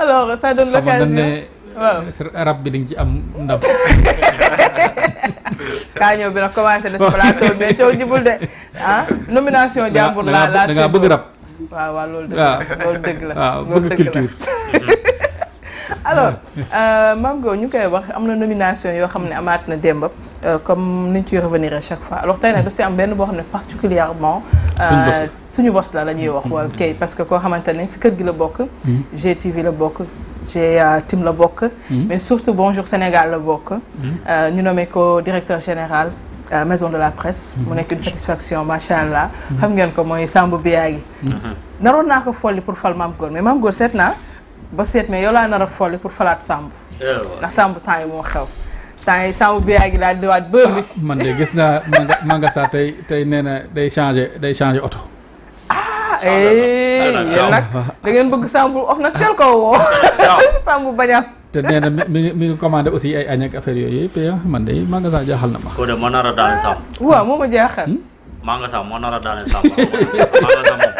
alors ça donne euh, rab bi dañ ci am ndam. kaañoo bi nag commencé na si plateau mais coow jibul de ah nomination laa laa. da ngaa waaw waaw loolu dëgg la ah. loolu dëgg la. waaw ah, bëgg culture. alors euh, Mame Gow ñu koy wax am na nomination yoo xam ne amaat na démb euh, comme niñ ciy revenir à chaque fois alors tey nag un si am benn boo xam ne particulièrement euh, suñu bos la la ñuy wax waaw kay parce que koo xamante ne si kër gi la bokk hmm. GTV la bokk j'ai tim la bokk hmm. mais surtout Bonjour Sénégal la bokk hmm. ñu nommé ko directeur général maison de la presse mu nekk une satisfaction macha allah xam ngeen ko mooy Samba Biagi naroon naa ko folli pour fal Mame mais Mame Goor seet naa ba seet mais yow laa nar a pour falaat Samb. Eh, ndax Samb temps yi moo xew. temps yi Samb bi yaa ngi daal di bëri. Ah, man de gis naa manga manga saa tey tey nee na day changé day changé oto. Ah, eh, yéen nag ah. da ngeen bëgg Samb of nag teel ko te nee na mi mi ngi aussi ay añ ak affaire yooyu yëpp eh, man de magasin jaaxal na ma. ko de moo nar a daane Samb. Hmm? a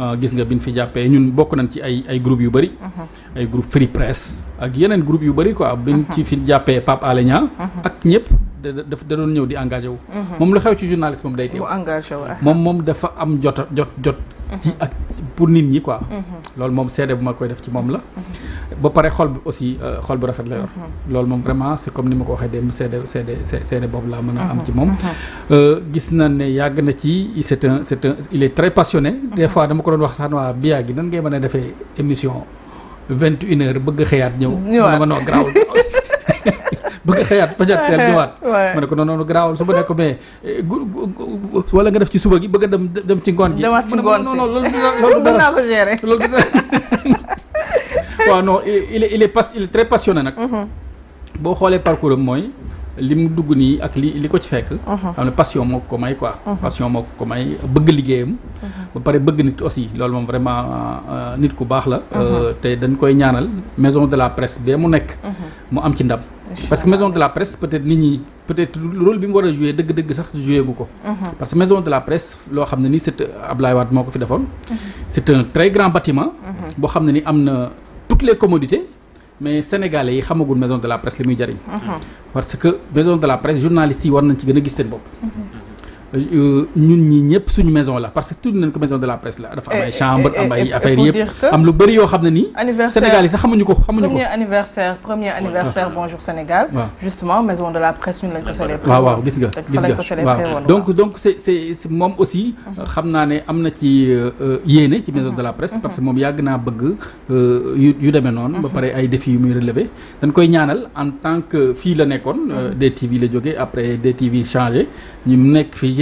Euh, gis nga bin fi jàppee ñun bokk nañ ci ay ay groupe yu bëri uh-huh. ay groupe free press ak yeneen groupe yu bëri quoi bin uh-huh. ci fi jàppee Pape Alé Niang uh-huh. ak ñëpp daf da doon ñëw di engagé wu moom lu xew ci journaliste moom day teew moom moom dafa am jot jot jot ci ak pour nit ñi quoi. Mhm. lool mom cede bu ma koy def ci mom la. ba pare xol bi aussi euh, xol bu rafet la yor. Mhm. loolu moom vraiment c'est comme ni ma ko waxee dem cede seede seede boobu laa mën am mhm. ci mom euh gis na ne yag na ci c'est un c'est un il est très passionné. des fois dama ko don wax sax waa biyaa gi nan ngay mën a émission 21h heures bëgg xëyaat ñëw. ñëwaat ma noo bëgg a xëyaat fajar teel ñëwaat ma ne ko non non garaawal su ma ne ko mais eh, wala nga def ci suba gi bëgg a dem dem ci ngoon gi demaat ci ngoon si non non loolu loolu mën naa ko gérer loolu waaw non il est il est pas il est très passionné nag mhm. boo xoolee parcours am mooy li mu dugg nii ak li li ko ci fekk mhm. xam ne passion moo ko may quoi mhm. passion moo ko may bëgg liggéeyam ba pare bëgg nit aussi loolu moom vraiment euh, nit ku baax la euh, te dañ koy ñaanal maison de la presse bee mu nekk mu am ci ndam parce que maison de la presse peut-être ni ni peut-être le rôle bi mu jouer dëgg-dëgg sax joué gu parce que maison de la presse leur xam ne c'est Abdoulaye Wade moo fi mhm. c'est un très grand bâtiment. Mhm. boo xam amne ni toutes les commodités. mais sénégalais yi xamagul maison de la presse li muy jariñ. Mhm. parce que maison de la presse journalistes yi war nañ ci gën a gis seen euh, ñun ñi ñep suñu maison la parce que tout nañ ko maison de la presse là dafa am ay chambre am ay affaire yëpp am lu bëri yo xamna ni Sénégal yi sax xamuñu ko xamuñu ko premier anniversaire premier anniversaire bonjour Sénégal justement maison de la presse ñun lañ ko célébré waaw waaw gis nga gis nga donc donc c'est c'est mom aussi xamna né amna ci euh, euh, yéné ci maison mhm. de la presse parce que mom mhm. yag na bëgg yu démé non ba mhm. paré ay défis yu muy relever dañ koy ñaanal en tant que fi la nékkone des tv la jógee après des tv changé ñu nekk fi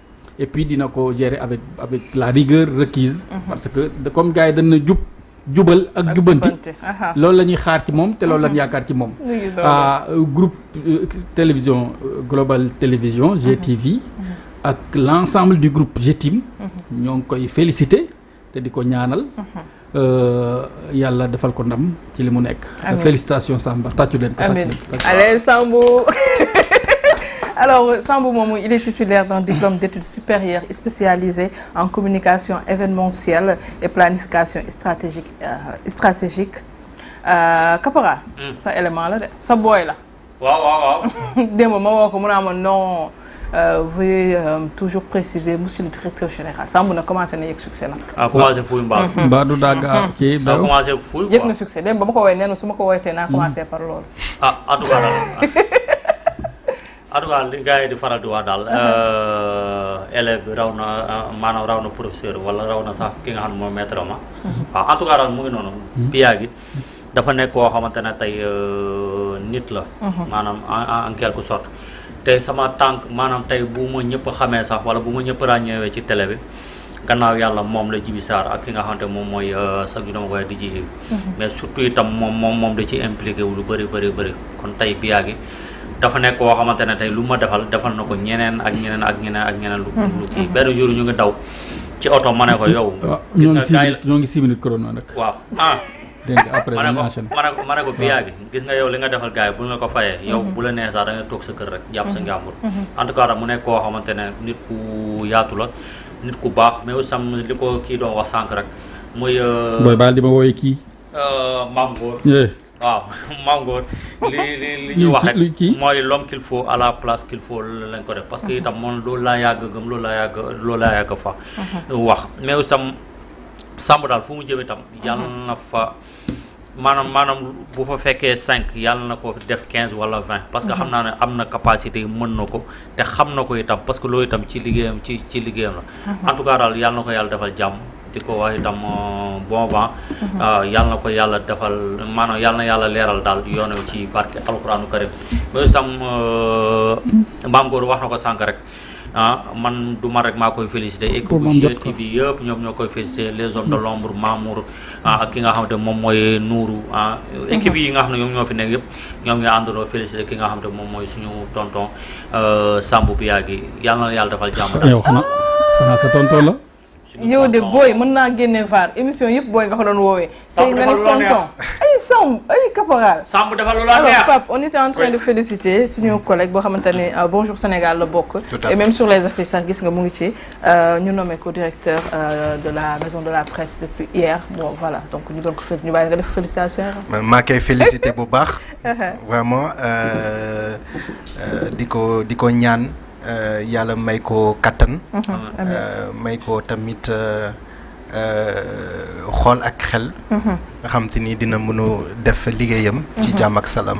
et puis dina ko gérer avec la rigueur requise mhm. parce que comme gars ak xaar ci mhm. ah, groupe euh, télévision euh, global télévision mhm. GTV l'ensemble du groupe GTIM koy féliciter euh, yalla defal ko félicitations Samba tatchu Alors, Sambo Momo, il est titulaire d'un diplôme d'études supérieures spécialisé en communication événementielle et planification stratégique. Euh, stratégique. Euh, ça hmm. élément là, ça là. Des moments où on toujours préciser, monsieur le directeur général. a commencé avec A ah, commencé pour une barre. Daga, A commencé une barre. succès. Hmm. commencé Ah, aɗa waal ni di faral di wax daal élève eh, bi raw na eh, maanaam raw professeur wala raw na sax ki nga xam ne maître ma waaw en tout cas daal mu ngi gi dafa nekk koo xamante tay nit la maanaam en quelque sorte tey sama tànk manam tay bu ma ñëpp xamee sax wala bu ma ñëpp ràññeewee ci télé bi gannaaw yàlla moom la jibi saar ak ki nga xamante moom mooy sax ju dama koy di ji mais surtout itam moom moom moom da ci impliqué wu lu kon tay biyaa gi dafa nekk koo xamante ne tey lu ma defal defal na ko ñeneen ak ñeneen ak ñeneen ak ñeneen lu mhm. lu kii benn jour ñu ngi daw ci oto ma ne ko yow ah, gis nga gars ñoo ngi six minutes chrono nag waaw ah dégg nga ma ne ko ma ne ah. bi gis nga yow li nga defal gars yi bu ñu la ko fayee yow mhm. bu la nee sax da nga toog sa kër rek jàpp sa mhm. njàmbur en tout mu nekk koo xamante ne nit ku yaatu la nit ku baax mais aussi sam li ko kii doon wax sànq rek muy euh, booy baal di ma wooye kii euh, maam góor eh. waaw mangoor li li li ñuy wax mooy l'homme qu'il faut à la place qu'il faut lañ ko def parce que itam moom loolu laa yàgg gëm loolu laa yàgg loolu laa yàgg fa uh-huh. wax mais itam sàmm daal fu mu jëmee itam uh-huh. yàlla na fa maanaam maanaam bu fa fekkee cinq yàlla na ko def quinze wala vingt parce que xam uh-huh. naa ne am na capacité mën na ko te xam na ko itam parce que loolu itam ci liggéeyam ci ci liggéeyam la en daal yàlla na ko yàlla defal jàmm di ko wax itam euh, bon vent mhm. euh, yal na ko yàlla defal maanaam yal na yàlla leeral daal yoonam ci barke alxuraanu karim ba sam maam góor wax na ko sànq rek ah man du ma rek maa koy félicité équipe G TV yëpp ñoom ñoo koy félicité les hommes de mhm. l'ombre Mamour ah ak ki nga xamante moom mooy Nuuru ah équipe mhm. yi nga xam ne ñoom ñoo fi nekk yëpp ñoom ñoo àndandoo félicité ki nga xam ne moom mooy suñu tonton euh, Sambou Biagi yàlla na yàlla defal jàmm daal xanaa sa tonton yow de booy mën naa génne vaar émission yëpp boy, nga ko doon woowee. tey nga ni tonton ay Sam, ay caporal. Sam, dafa lu la alors on était en train de féliciter suñu collègue boo xamante euh, Bonjour Sénégal le bokk. et même sur les affiches Sargis gis nga mu ngi ci euh, ñu nommé ko directeur euh, de la maison de la presse depuis hier bon voilà donc ñu doon ko féliciter ñu bàyyi félicitation. Ma koy féliciter bu baax. Uh-huh. vraiment Euh, euh, Diko Diko ñaan. Euh, yàlla may ko kattan. Mhm. Ah. Euh, may ko tamit euh, xool ak xel. Mhm. nga xam te ni dina mënu def liggéeyam. ci mhm. jàmm ak salaam.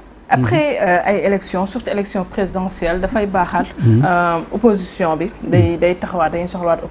après l'élection, mhm. euh, élections, surtout élection présidentielle dafay baaxaat mhm. euh, opposition bi day day taxawaat dañuy soxlawaat